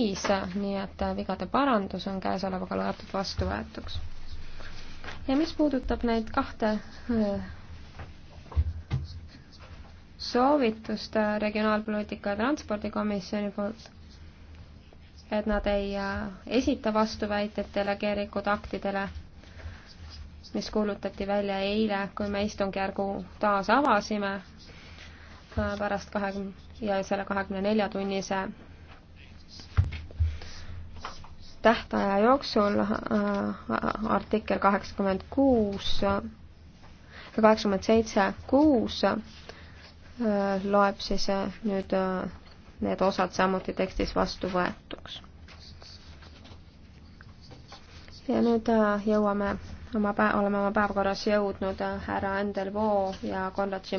piisa, nii et vigade parandus on käesolevaga loetud vastuvõetuks. ja mis puudutab neid kahte äh, soovitust äh, Regionaalpoliitika ja Transpordikomisjoni poolt, et nad ei äh, esita vastuväiteid delegeeritud aktidele, mis kuulutati välja eile, kui me istungjärgu taas avasime pärast kahekümne ja selle kahekümne nelja tunnise tähtaja jooksul äh, artikkel kaheksakümmend kuus, kaheksakümmend seitse kuus äh, loeb siis äh, nüüd need osad samuti tekstis vastu võetuks. ja nüüd jõuame oma pä-, oleme oma päevakorras jõudnud härra Endel Voo ja Konrad Šimanski